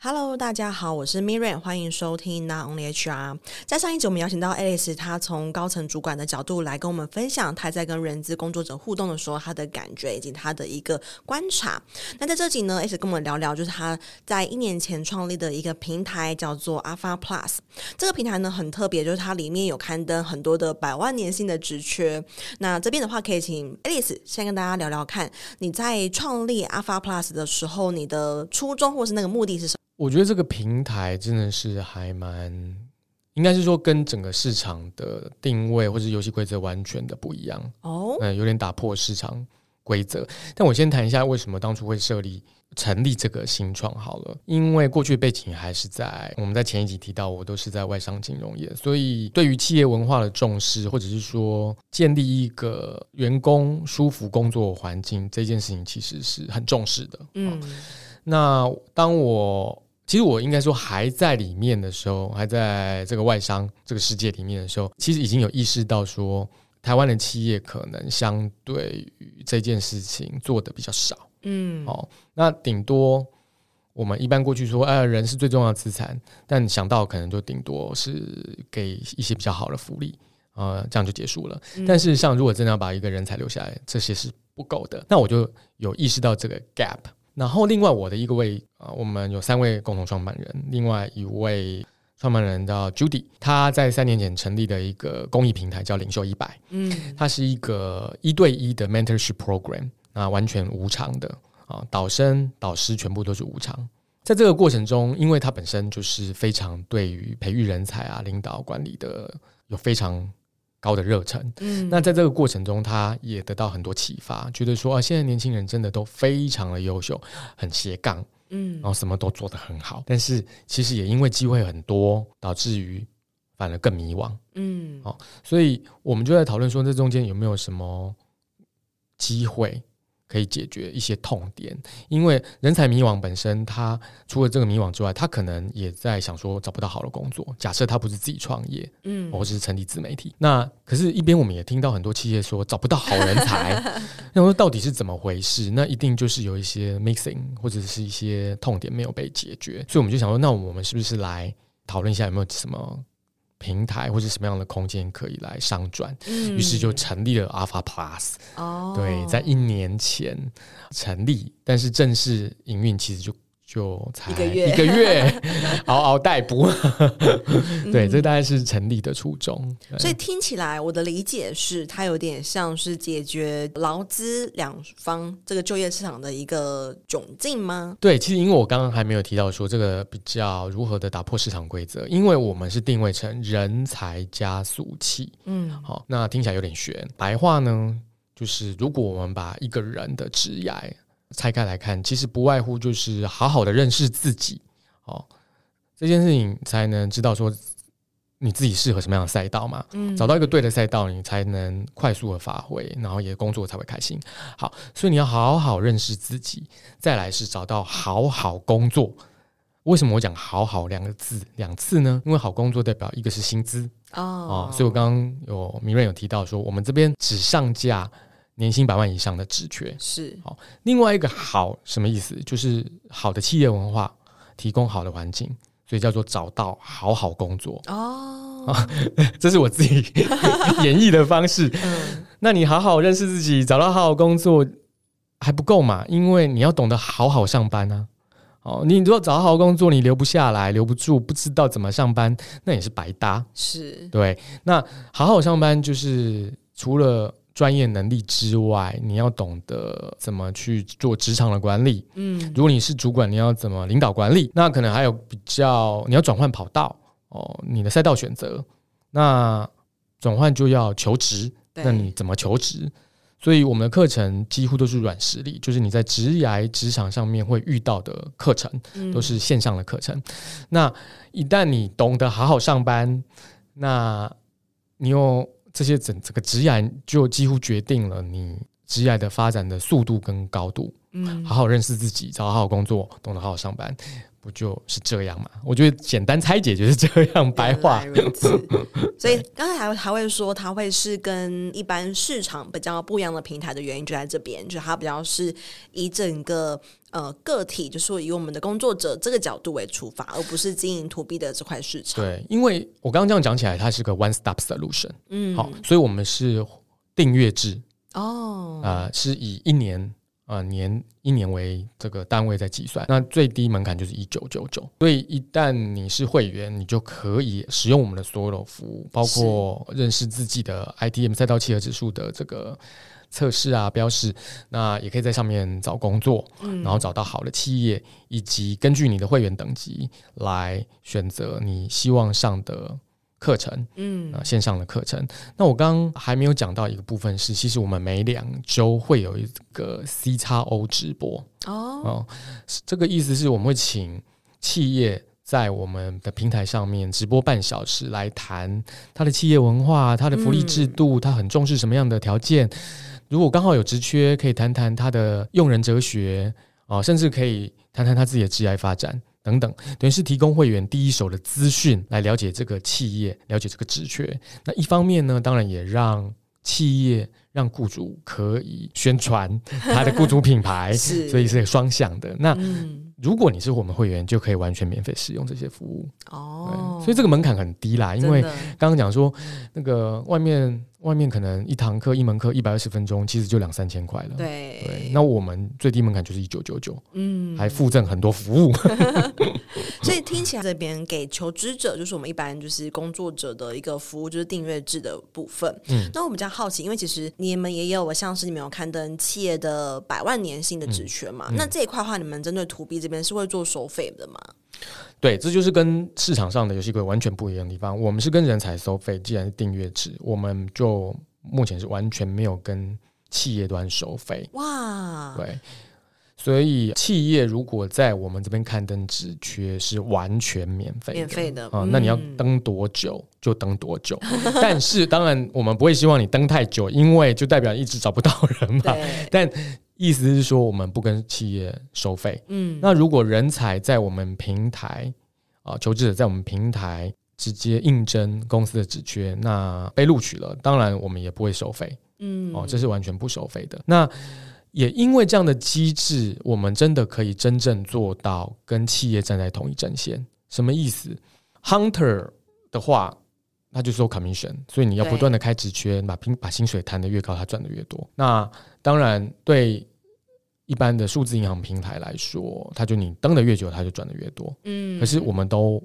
Hello，大家好，我是 Miriam，歡迎收聽 Not Only HR。在上一集，我們邀請到 Alex，他從高層主管的角度來跟我們分享他在跟人資工作者互動的時候，他的感覺以及他的一個觀察。那在這集呢，Alex 跟我們聊聊，就是他在一年前創立的一個平台，叫做 Alpha Plus。這個平台呢很特別，就是它裡面有刊登很多的百萬年薪的職缺。那這邊的話，可以請 Alex 先跟大家聊聊看，看你在創立 Alpha Plus 的時候，你的初衷或是那個目的是什麼？我覺得這個平台真的是還蠻，應該是說跟整個市場的定位或是遊戲規則完全的不一樣哦。嗯，有點打破市場規則。但我先談一下為什麼當初會設立成立這個新創好了，因為過去背景還是在我們在前一集提到，我都是在外商金融業，所以對於企業文化的重視，或者是說建立一個員工舒服工作環境這件事情，其實是很重視的。嗯，那當我。其實我應該說還在裡面的時候，還在這個外商這個世界裡面的時候，其實已經有意識到說，台灣的企業可能相對於這件事情做得比較少。嗯，哦，那頂多我們一般過去說，哎、呃，人是最重要的資產，但想到可能就頂多是給一些比較好的福利，呃，這樣就結束了。嗯、但事實上，如果真的要把一個人才留下來，這些是不夠的。那我就有意識到這個 gap。然後，另外我的一個位啊，我們有三位共同創辦人，另外一位創辦人叫 Judy，他在三年前成立的一個公益平臺叫領袖一百，嗯，他是一個一對一的 mentorship program，那完全無償的啊，導生導師全部都是無償。在這個過程中，因為他本身就是非常對於培育人才啊、領導管理的有非常高的熱忱，嗯，那在這個過程中，他也得到很多啟發，覺得說啊，現在年輕人真的都非常的優秀，很斜槓，嗯，然後什麼都做得很好，嗯、但是其實也因為機會很多，導致於反而更迷惘，嗯、哦，所以我們就在討論說，這中間有沒有什麼機會？可以解決一些痛點，因為人才迷惘本身，他除了這個迷惘之外，他可能也在想說找不到好的工作。假設他不是自己創業，嗯，或者是成立自媒體，嗯、那可是，一邊我們也聽到很多企業說找不到好人才， 那我說到底是怎麼回事？那一定就是有一些 mixing 或者是一些痛點沒有被解決，所以我們就想說，那我們是不是來討論一下有沒有什麼？平台或者什麼樣的空間可以來上轉，嗯、於是就成立了 Alpha Plus、哦。對，在一年前成立，但是正式營運其實就。就才一個月，一個月嗷嗷待哺。對，這大概是成立的初衷。所以聽起來，我的理解是，它有點像是解決勞資兩方這個就業市場的一個窘境嗎？對，其實因為我剛剛還沒有提到說這個比較如何的打破市場規則，因為我們是定位成人才加速器。嗯，好，那聽起來有點懸。白話呢，就是如果我們把一個人的職業。拆開來看，其實不外乎就是好好的認識自己，哦，這件事情才能知道說你自己適合什麼樣的賽道嘛。嗯，找到一個對的賽道，你才能快速的發揮，然後也工作才會開心。好，所以你要好好認識自己，再來是找到好好工作。為什麼我講“好好”兩個字兩次呢？因為好工作代表一個是薪資哦，啊，哦，所以我剛剛有 Miriam 有提到說，我們這邊只上架，年薪百萬以上的職缺是好，哦，另外一個好什麼意思？就是好的企業文化提供好的環境，所以叫做找到好好工作哦，哦。這是我自己 演繹的方式。嗯、那你好好認識自己，找到好好工作還不夠嘛？因為你要懂得好好上班啊。哦，你如果找好好工作，你留不下來，留不住，不知道怎麼上班，那也是白搭。是，對。那好好上班就是除了。專業能力之外，你要懂得怎麼去做職場的管理。嗯，如果你是主管，你要怎麼領導管理？那可能還有比較，你要轉換跑道哦，你的賽道選擇。那轉換就要求職，那你怎麼求職？對所以我們的課程幾乎都是軟實力，就是你在職涯職場上面會遇到的課程，嗯、都是線上的課程。那一旦你懂得好好上班，那你又。這些整整個職涯就幾乎決定了你職涯的發展的速度跟高度。嗯，好好認識自己，找好好工作，懂得好好上班，不就是這樣嗎？我覺得簡單拆解就是這樣對白話。 所以剛才還還會說，它會是跟一般市場比較不一樣的平台的原因就在這邊，就它比較是以整個呃個體，就是說以我們的工作者這個角度為出發，而不是經營 to b 的這塊市場。對，因為我剛剛這樣講起來，它是個 one stop solution。嗯，好，所以我們是訂閱制哦，啊、呃，是以一年。啊、呃，年一年為這個單位在計算，那最低門檻就是一九九九，所以一旦你是會員，你就可以使用我們的所有的服務，包括認識自己的 ITM 賽道契合指數的這個測試啊、標示，那也可以在上面找工作，嗯、然後找到好的企業，以及根據你的會員等級來選擇你希望上的。課程，嗯、呃、線上的課程。嗯、那我剛還沒有講到一個部分是，其實我們每兩周會有一個 C X O 直播哦，哦，這個意思是我們會請企業在我們的平台上面直播半小時，來談他的企業文化、他的福利制度、他很重視什麼樣的條件。嗯、如果剛好有職缺，可以談談他的用人哲學啊、呃，甚至可以談談他自己的職業發展。等等，等於是提供會員第一手的資訊，來了解這個企業，了解這個職缺。那一方面呢，當然也讓企業，讓雇主可以宣傳他的雇主品牌， 是所以是雙向的。那、嗯如果你是我們會員，就可以完全免費使用這些服務哦、oh。所以這個門檻很低啦，真的 因為剛剛講說，那個外面外面可能一堂課一門課一百二十分鐘，其實就兩三千塊了。對，對，那我們最低門檻就是一九九九，嗯，還附贈很多服務。 所以聽起來這邊給求職者，就是我們一般就是工作者的一個服務，就是訂閱制的部分。嗯，那我比較好奇，因為其實你們也有像是你們有刊登企業的百萬年薪的職缺嘛？嗯嗯、那這一塊的話，你們針對 to B 這邊是會做收費的嗎？對，這就是跟市場上的遊戲規則完全不一樣的地方。我們是跟人才收費，既然是訂閱制，我們就目前是完全沒有跟企業端收費。哇，對。所以，企業如果在我們這邊刊登職缺是完全免費的，免費的、嗯、啊。那你要登多久就登多久，嗯、但是當然我們不會希望你登太久， 因為就代表一直找不到人嘛。對 但意思是說，我們不跟企業收費。嗯，那如果人才在我們平台啊，求職者在我們平台直接應徵公司的職缺，那被錄取了，當然我們也不會收費。嗯，哦、啊，這是完全不收費的。那。也因為這樣的機制，我們真的可以真正做到跟企業站在同一戰線。什麼意思？Hunter 的話，那就說 Commission，所以你要不斷的開職缺對，把薪把薪水談的越高，它賺的越多。那當然對一般的數字銀行平台來說，他就你登的越久，它就賺的越多。嗯，可是我們都。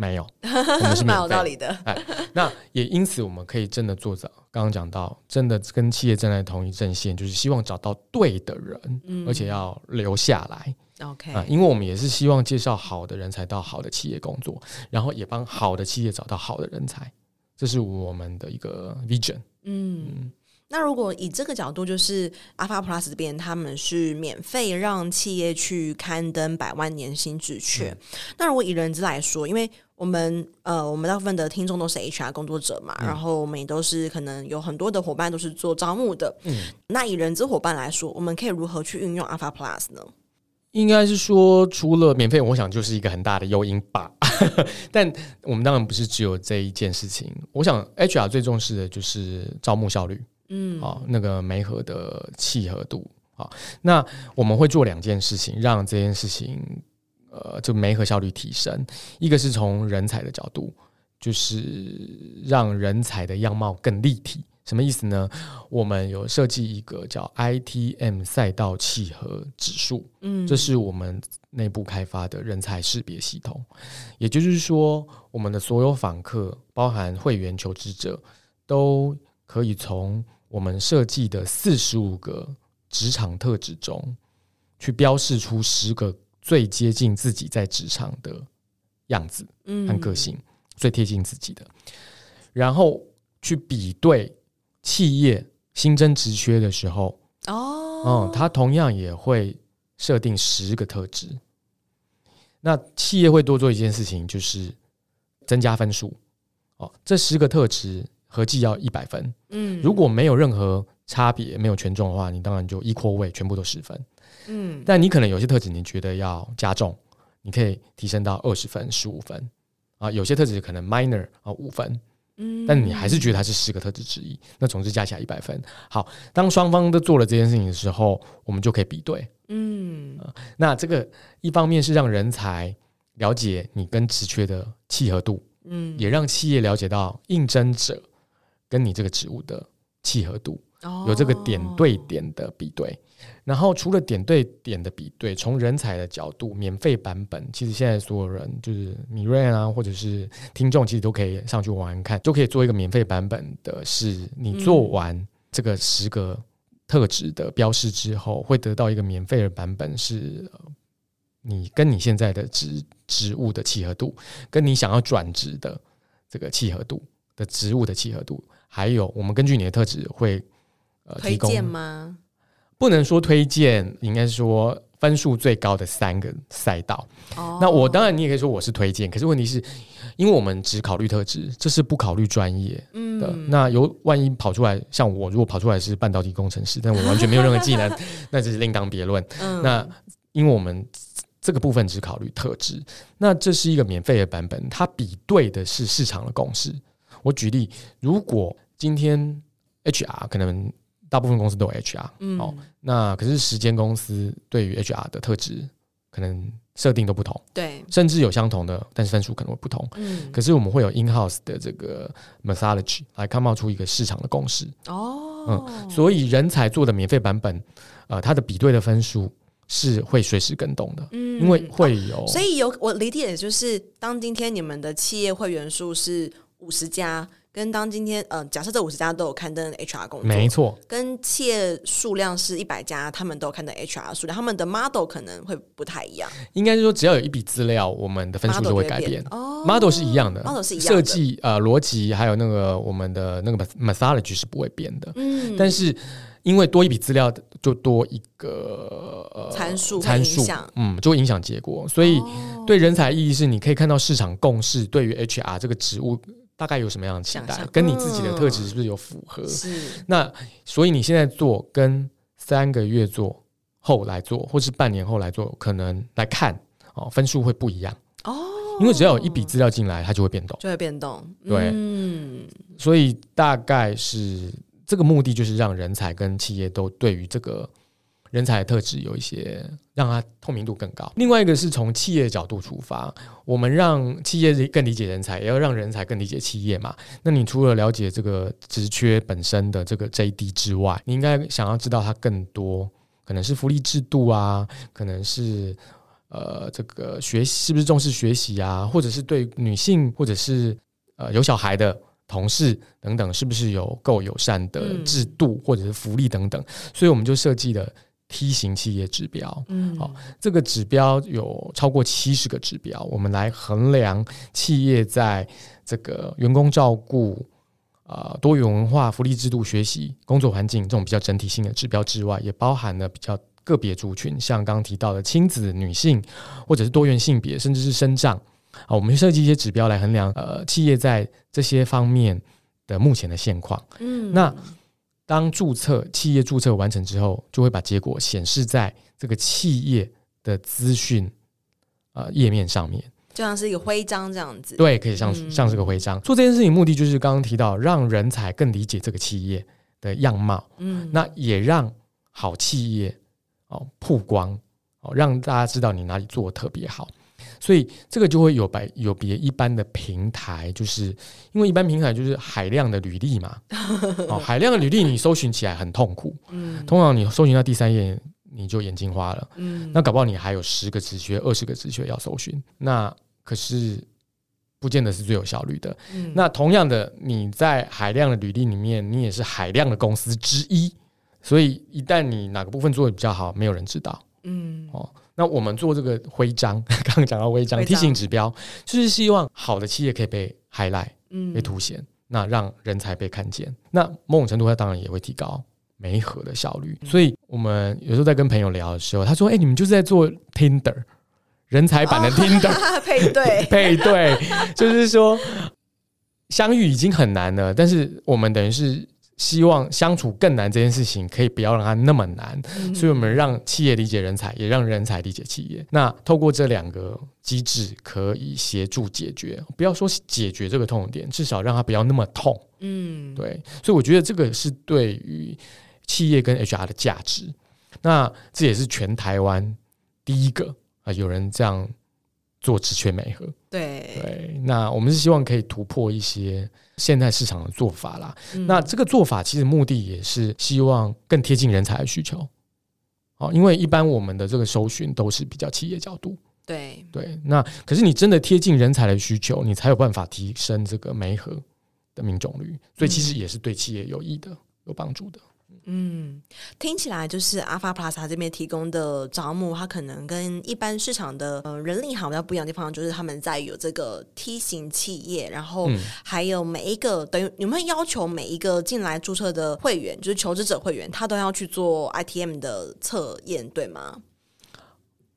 沒有，我們是蠻 有道理的、哎。那也因此我們可以真的做剛剛講到，剛剛講到，真的跟企業站在同一陣線，就是希望找到對的人，嗯、而且要留下來 Okay、啊。因為我們也是希望介紹好的人才到好的企業工作，然後也幫好的企業找到好的人才，這是我們的一個 vision。嗯嗯那如果以這個角度，就是 Alpha Plus 這邊他們是免費讓企業去刊登百萬年薪職缺。嗯、那如果以人資來說，因為我們呃，我們大部分的聽眾都是 HR 工作者嘛，嗯、然後我們也都是可能有很多的夥伴都是做招募的。嗯，那以人資夥伴來說，我們可以如何去運用 Alpha Plus 呢？應該是說，除了免費，我想就是一個很大的誘因吧。 但我們當然不是只有這一件事情。我想 HR 最重視的就是招募效率。嗯，好，那個媒合的契合度。好，那我們會做兩件事情，讓這件事情，呃，就媒合效率提升。一個是從人才的角度，就是讓人才的樣貌更立體。什麼意思呢？我們有設計一個叫 ITM 賽道契合指數，嗯，嗯，這是我們內部開發的人才識別系統。也就是說，我們的所有訪客，包含會員、求職者，都可以從我們設計的四十五個職場特質中，去標示出十個最接近自己在職場的樣子和個性、嗯、最貼近自己的，然後去比對企業新增職缺的時候哦，嗯、他同樣也會設定十個特質。那企業會多做一件事情，就是增加分數哦，這十個特質。合計要一百分，嗯，如果沒有任何差別、沒有權重的話，你當然就一括位全部都十分，嗯，但你可能有些特質你覺得要加重，你可以提升到二十分、十五分，啊，有些特質可能 minor 啊五分，嗯，但你還是覺得它是十個特質之一，那總之加起來一百分。好，當雙方都做了這件事情的時候，我們就可以比對，嗯、啊，那這個一方面是讓人才了解你跟職缺的契合度，嗯，也讓企業了解到應徵者。跟你這個職務的契合度，有這個點對點的比對。哦、然後除了點對點的比對，從人才的角度，免費版本其實現在所有人就是 Miriam 啊，或者是聽眾，其實都可以上去玩，玩看，就可以做一個免費版本的。是你做完這個十個特質的標示之後，嗯、會得到一個免費的版本是，是、呃、你跟你現在的職職務的契合度，跟你想要轉職的這個契合度的職務的契合度。還有，我們根據你的特質會呃推薦嗎提供？不能說推薦，應該說分數最高的三個賽道。哦、那我當然你也可以說我是推薦，可是問題是，因為我們只考慮特質，這是不考慮專業的。嗯、那有萬一跑出來像我，如果跑出來是半導體工程師，但我完全沒有任何技能， 那就是另當別論。嗯、那因為我們這個部分只考慮特質，那這是一個免費的版本，它比對的是市場的共識。我舉例，如果今天 HR 可能大部分公司都有 HR，嗯、哦，那可是十間公司對於 HR 的特質可能設定都不同，對，甚至有相同的，但是分數可能會不同，嗯、可是我們會有 in house 的這個 methodology 來看，冒出一個市場的共識，哦、嗯，所以人才做的免費版本，呃，它的比對的分數是會隨時更動的，嗯，因為會有、哦，所以有我理解就是，當今天你們的企業會員數是。五十家跟當今天，嗯、呃，假設這五十家都有刊登 HR 工作。沒錯，跟企業數量是一百家，他們都有刊登 HR 數量，他們的 model 可能會不太一樣。應該是說，只要有一筆資料，我們的分數就會改變。model 是一樣的，model 是一樣的設計，呃，邏輯還有那個我們的那個 methodology 是不會變的。嗯，但是因為多一筆資料，就多一個呃、參數，參數，嗯，就會影響結果。所以對人才意義是，你可以看到市場共識對於 HR 這個職務。大概有什麼樣的期待？嗯、跟你自己的特質是不是有符合？是。那所以你現在做，跟三個月做，後來做，或是半年後來做，可能來看哦，分數會不一樣哦。因為只要有一筆資料進來，它就會變動，就會變動。對。嗯。所以大概是這個目的，就是讓人才跟企業都對於這個。人才的特質有一些，讓它透明度更高。另外一個是從企業角度出發，我們讓企業更理解人才，也要讓人才更理解企業嘛。那你除了了解這個職缺本身的這個 JD 之外，你應該想要知道它更多，可能是福利制度啊，可能是呃這個學是不是重視學習啊，或者是對女性或者是呃有小孩的同事等等，是不是有夠友善的制度或者是福利等等。所以我們就設計了。梯形企業指標，嗯，好、哦，這個指標有超過七十個指標，我們來衡量企業在這個員工照顧、啊、呃、多元文化、福利制度、學習、工作環境這種比較整體性的指標之外，也包含了比較個別族群，像剛剛提到的親子、女性或者是多元性別，甚至是身障，啊、哦，我們去設計一些指標來衡量呃企業在這些方面的目前的現況，嗯，那。當註冊企業註冊完成之後，就會把結果顯示在這個企業的資訊呃頁面上面，就像是一個徽章這樣子。對，可以像、嗯、像是個徽章。做這件事情目的就是剛剛提到，讓人才更理解這個企業的樣貌，嗯，那也讓好企業哦曝光哦，讓大家知道你哪裡做得特別好。所以這個就會有別有別一般的平台，就是因為一般平台就是海量的履歷嘛，哦，海量的履歷你搜尋起來很痛苦，嗯，通常你搜尋到第三頁你就眼睛花了，嗯，那搞不好你還有十個職缺、二十個職缺要搜尋，那可是不見得是最有效率的。嗯，那同樣的，你在海量的履歷裡面，你也是海量的公司之一，所以一旦你哪個部分做得比較好，沒有人知道，嗯，哦。那我們做這個徽章，剛剛講到徽章，徽章提醒指標，就是希望好的企業可以被 highlight、嗯、被凸顯，那讓人才被看見。那某種程度，它當然也會提高媒合的效率。嗯、所以我們有時候在跟朋友聊的時候，他說：“哎、欸，你們就是在做 Tinder，人才版的 Tinder，哦、 配對， 配對，就是說相遇已經很難了，但是我們等於是。”希望相處更難這件事情，可以不要讓它那麼難。所以我們讓企業理解人才，也讓人才理解企業。那透過這兩個機制，可以協助解決，不要說解決這個痛點，至少讓它不要那麼痛。嗯，對。所以我覺得這個是對於企業跟 HR 的價值。那這也是全台灣第一個啊、呃，有人這樣。做職缺媒合，對對，那我們是希望可以突破一些現在市場的做法啦。嗯、那這個做法其實目的也是希望更貼近人才的需求。哦，因為一般我們的這個搜尋都是比較企業角度，對對。那可是你真的貼近人才的需求，你才有辦法提升這個媒合的命中率，所以其實也是對企業有益的、嗯、有幫助的。嗯，聽起來就是 Alpha Plus 它這邊提供的招募，他可能跟一般市場的呃人力行比較不一樣的地方，就是他們在有這個梯形企業，然後還有每一個、嗯、等於有沒有要求每一個進來註冊的會員，就是求職者會員，他都要去做 ITM 的測驗，對嗎？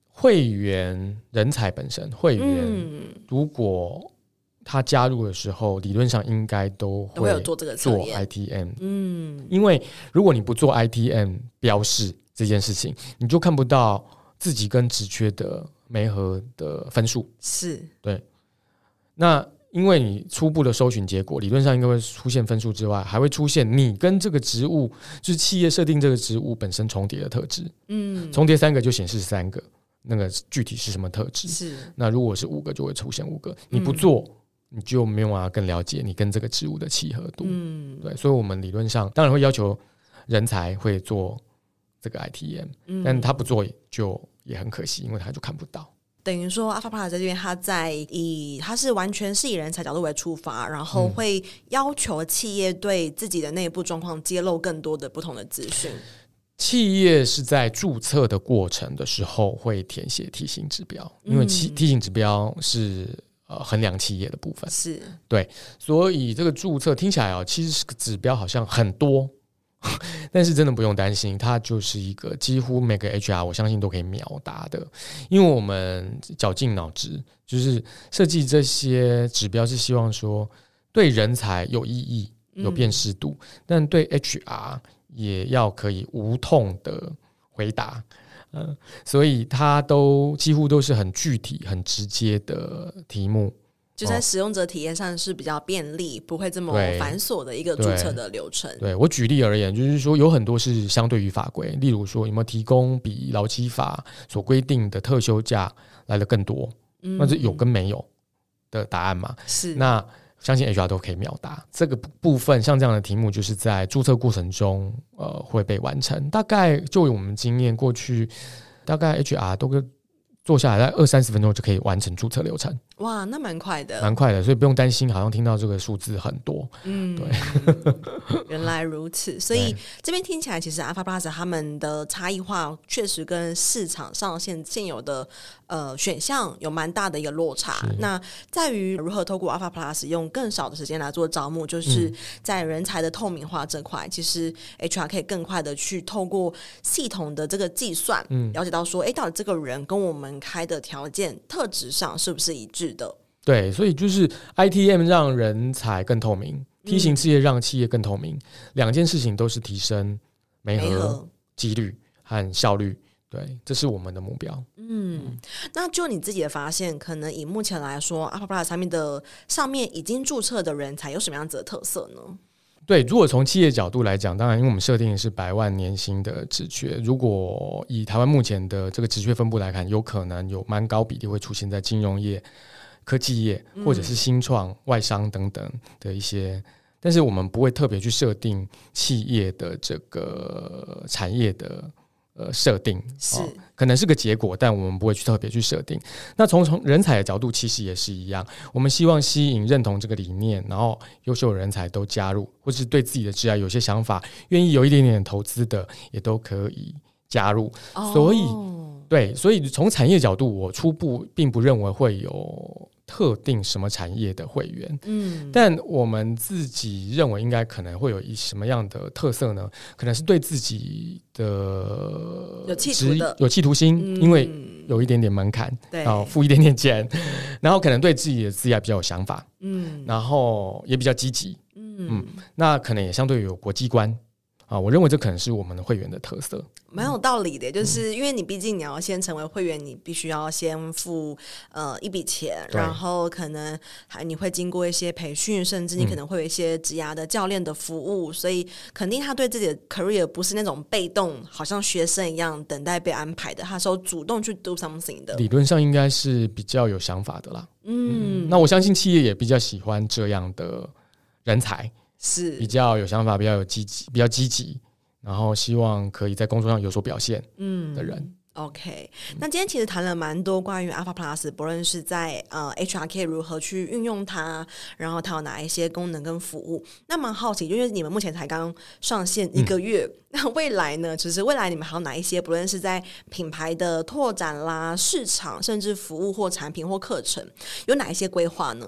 會員人才本身會員，如果。他加入的時候，理論上應該都會做 ITM，、嗯、因為如果你不做 ITM 標示這件事情，你就看不到自己跟職缺的媒合的分數，是對。那因為你初步的搜尋結果，理論上應該會出現分數之外，還會出現你跟這個職務就是企業設定這個職務本身重疊的特質，嗯，重疊三個就顯示三個，那個具體是什麼特質是？那如果是五個就會出現五個，你不做、嗯。你就沒有辦法更了解你跟這個職務的契合度，嗯，對，所以，我們理論上當然會要求人才會做這個 ITM，、嗯、但他不做就也很可惜，因為他就看不到。等於說，Alpha plus 在這邊，他在以他是完全是以人才角度為出發，然後會要求企業對自己的內部狀況揭露更多的不同的資訊。企業是在注冊的過程的時候會填寫提醒指標，嗯、因為提提醒指標是。呃，衡量企業的部分是對，所以這個註冊聽起來哦，其實是指標好像很多，但是真的不用擔心，它就是一個幾乎每個 HR 我相信都可以秒答的，因為我們絞盡腦汁就是設計這些指標，是希望說對人才有意義、有辨識度，嗯、但對 HR 也要可以無痛的回答。嗯，所以它都幾乎都是很具體、很直接的題目，就在使用者體驗上是比較便利，不會這麼繁瑣的一個注冊的流程。對，對我舉例而言，就是說有很多是相對於法規，例如說有沒有提供比勞基法所規定的特休假來的更多，嗯，那這有跟沒有的答案嘛？是那。相信 HR 都可以秒答，這個部分，像這樣的題目，就是在註冊過程中，呃，會被完成。大概就以我們經驗過去，大概 HR 都會坐下來，大概二三十分鐘就可以完成註冊流程。哇，那蠻快的，蠻快的，所以不用擔心，好像聽到這個數字很多。嗯，對， 原來如此。所以對這邊聽起來，其實 Alpha Plus 他們的差異化確實跟市場上現現有的呃選項有蠻大的一個落差。是那在於如何透過 Alpha Plus 用更少的時間來做招募，就是在人才的透明化這塊，嗯、其實 HR 可以更快的去透過系統的這個計算，嗯，了解到說，哎、欸，到底這個人跟我們開的條件、特質上是不是一致？對，所以就是 ITM 讓人才更透明，T 型企業讓企業更透明，嗯、兩件事情都是提升媒合幾率和效率。對，這是我們的目標。嗯，嗯，那就你自己的發現，可能以目前來說，Alpha plus 產品的上面已經註冊的人才有什麼樣子的特色呢？對，如果從企業角度來講，當然，因為我們設定是百萬年薪的職缺，如果以台灣目前的這個職缺分布來看，有可能有蠻高比例會出現在金融業。科技業，或者是新創、外商等等的一些，嗯、但是我們不會特別去設定企業的這個產業的呃設定是、哦，可能是個結果，但我們不會去特別去設定。那從從人才的角度，其實也是一樣，我們希望吸引認同這個理念，然後優秀人才都加入，或者是對自己的職業有些想法，願意有一點點投資的，也都可以加入。哦、所以，對，所以從產業角度，我初步並不認為會有。特定什麼產業的會員，嗯，但我們自己認為應該可能會有一什麼樣的特色呢？可能是對自己的有企圖，有企圖心，嗯、因為有一點點門檻，對、嗯，付一點點錢，對然後可能對自己的資源比較有想法，嗯，然後也比較積極，嗯，嗯，那可能也相對於有國際觀。啊，我認為這可能是我們的會員的特色，蠻有道理的。嗯、就是因為你畢竟你要先成為會員，你必須要先付呃一筆錢，對然後可能還你會經過一些培訓，甚至你可能會有一些職涯的教練的服務。嗯、所以肯定他對自己的 career 不是那種被動，好像學生一樣等待被安排的，他說主動去 do something 的。理論上應該是比較有想法的啦。嗯,嗯，那我相信企業也比較喜歡這樣的人才。是比較有想法，比較有積極，比較積極，然後希望可以在工作上有所表現，嗯，的人。嗯、OK，、嗯、那今天其實談了蠻多關於 Alpha Plus，不論是在呃 HRK 如何去運用它，然後它有哪一些功能跟服務。那蠻好奇，因為你們目前才剛上線一個月，那、嗯、未來呢？其實未來你們還有哪一些，不論是在品牌的拓展啦、市場，甚至服務或產品或課程，有哪一些規劃呢？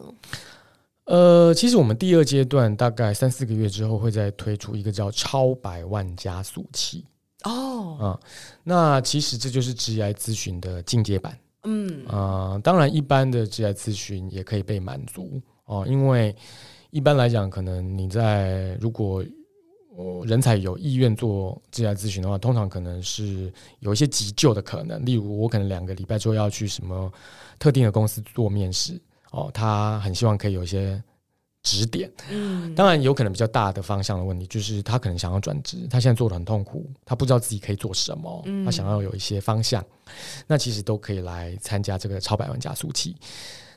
呃，其實我們第二階段大概三四個月之後會再推出一個叫超百萬加速器哦啊、oh. 呃，那其實這就是職涯諮詢的進階版，嗯啊、mm. 呃，當然一般的職涯諮詢也可以被滿足哦、呃，因為一般來講，可能你在如果人才有意願做職涯諮詢的話，通常可能是有一些急救的可能，例如我可能兩個禮拜之後要去什麼特定的公司做面試。哦，他很希望可以有一些指點。嗯、當然有可能比較大的方向的問題，就是他可能想要轉職，他現在做得很痛苦，他不知道自己可以做什麼，嗯、他想要有一些方向。那其實都可以來參加這個超百萬加速器。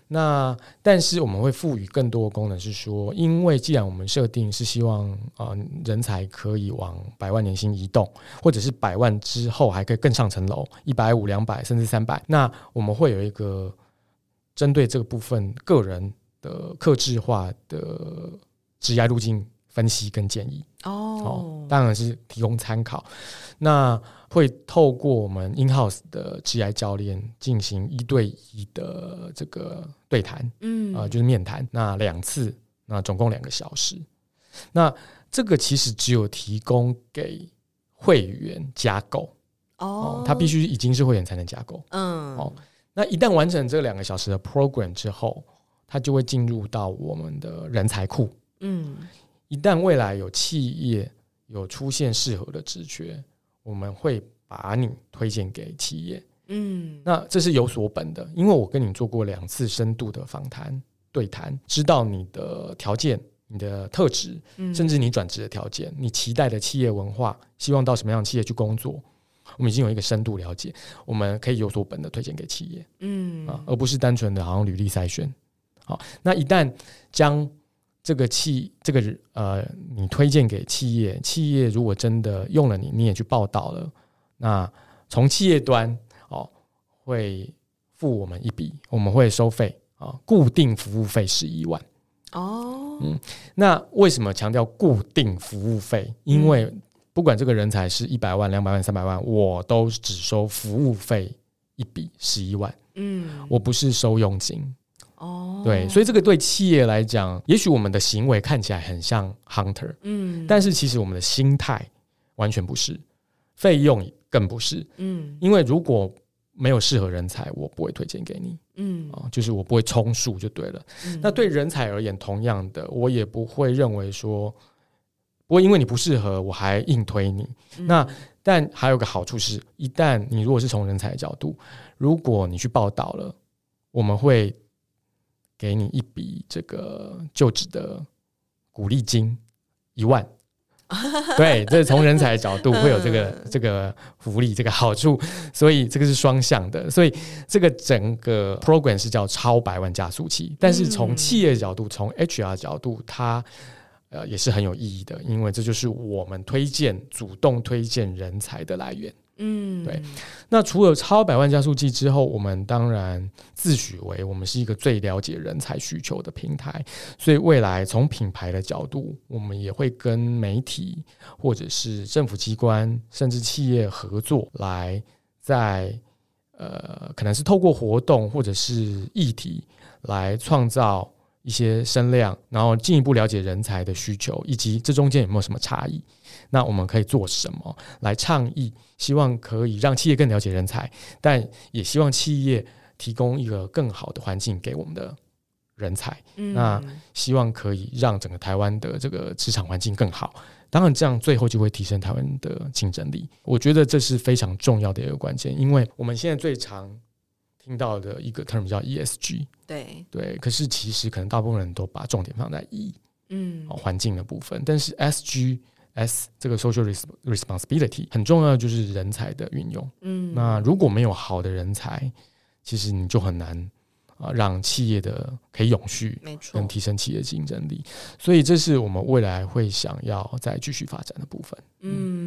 那但是我們會賦予更多的功能，是說，因為既然我們設定是希望啊、呃，人才可以往百萬年薪移動，或者是百萬之後還可以更上層樓，一百五、兩百甚至三百，那我們會有一個。針對這個部分，個人的客製化的職涯路徑分析跟建議哦，哦，當然是提供參考。那會透過我們 in-house 的職涯教練進行一對一的這個對談，嗯，啊、呃，就是面談。那兩次，那總共兩個小時。那這個其實只有提供給會員加購哦、嗯，他必須已經是會員才能加購，嗯，哦。那一旦完成這兩個小時的 program 之後，它就會進入到我們的人才庫。嗯，嗯，嗯，一旦未來有企業有出現適合的職缺，我們會把你推薦給企業。嗯，那這是有所本的，因為我跟你做過兩次深度的訪談、對談，知道你的條件、你的特質，甚至你轉職的條件、你期待的企業文化、希望到什麼樣的企業去工作。我們已經有一個深度了解，我們可以有所本的推薦給企業，嗯、啊、而不是單純的，好像履歷篩選。好、啊，那一旦將這個企這個呃你推薦給企業，企業如果真的用了你，你也去報到了，那從企業端哦、啊、會付我們一筆，我們會收費啊，固定服務費十一萬哦，嗯，那為什麼強調固定服務費？因為、嗯不管這個人才是一百萬、兩百萬、三百萬，我都只收服務費一筆十一萬。嗯，我不是收佣金。哦，對，所以這個對企業來講，也許我們的行為看起來很像 hunter。嗯，但是其實我們的心態完全不是，費用更不是。嗯，因為如果沒有適合人才，我不會推薦給你。嗯，哦，就是我不會充數就對了。嗯，那對人才而言，同樣的，我也不會認為說。不過，因為你不適合，我還硬推你。嗯、那但還有個好處是，一旦你如果是從人才的角度，如果你去報到了，我們會給你一筆這個就職的鼓勵金一萬。對，這、就是從人才的角度會有這個、 嗯、這個福利這個好處，所以這個是雙向的。所以這個整個 program 是叫超百萬加速器，但是從企業的角度，從 HR 角度，它，呃，也是很有意義的，因為這就是我們推薦、主動推薦人才的來源。嗯，對。那除了超百萬加速器之後，我們當然自詡為我們是一個最了解人才需求的平台。所以未來從品牌的角度，我們也會跟媒體或者是政府機關，甚至企業合作，來在呃，可能是透過活動或者是議題來創造。一些聲量，然後進一步了解人才的需求，以及這中間有沒有什麼差異，那我們可以做什麼來倡議？希望可以讓企業更了解人才，但也希望企業提供一個更好的環境給我們的人才。嗯、那希望可以讓整個台灣的這個職場環境更好。當然，這樣最後就會提升台灣的競爭力。我覺得這是非常重要的一個關鍵，因為我們現在最常。聽到的一個 term 叫 ESG，對對，可是其實可能大部分人都把重點放在 E，嗯，啊，環境的部分，但是 SGS 這個 social responsibility 很重要的就是人才的運用，嗯，那如果沒有好的人才，其實你就很難啊讓企業的可以永續，沒錯，能提升企業競爭力，所以這是我們未來會想要再繼續發展的部分，嗯。嗯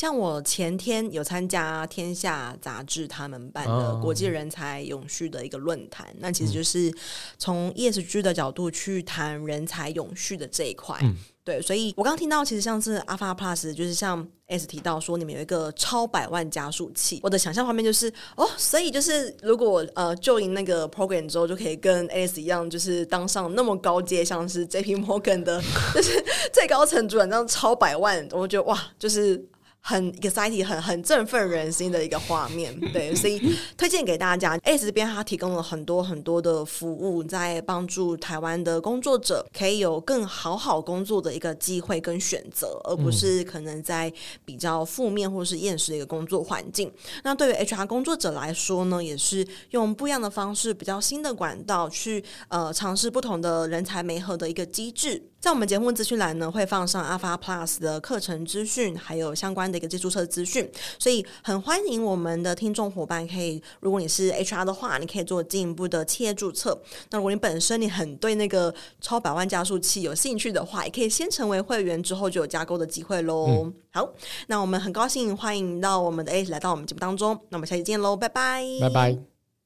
像我前天有參加《天下》雜誌他們辦的國際人才永續的一個論壇，oh。那其實就是從 ESG 的角度去談人才永續的這一塊。嗯、對，所以我剛聽到，其實像是 Alpha Plus，就是像 S 提到說，你們有一個超百萬加速器。我的想象畫面就是，哦，所以就是如果呃就贏那個 program 之後，就可以跟 S 一樣，就是當上那麼高階，像是 JP Morgan 的， 就是最高層主管，這樣超百萬，我覺得哇，就是。很 exciting，很很振奮人心的一個畫面，對，所以推薦給大家。S 這邊它提供了很多很多的服務，在幫助台灣的工作者可以有更好好工作的一個機會跟選擇，而不是可能在比較負面或是厭世的一個工作環境。嗯。那對於 HR 工作者來說呢，也是用不一樣的方式，比較新的管道去呃嘗試不同的人才媒合的一個機制。在我們節目資訊欄呢，會放上 Alpha Plus 的課程資訊，還有相關的一個註冊資訊。所以很歡迎我們的聽眾夥伴，可以如果你是 HR 的話，你可以做進一步的企業註冊。那如果你本身你很對那個超百萬加速器有興趣的話，也可以先成為會員之後就有加購的機會嘍。嗯、好，那我們很高興歡迎到我們的 A 來到我們節目當中。那我們下期見嘍，拜拜，拜拜。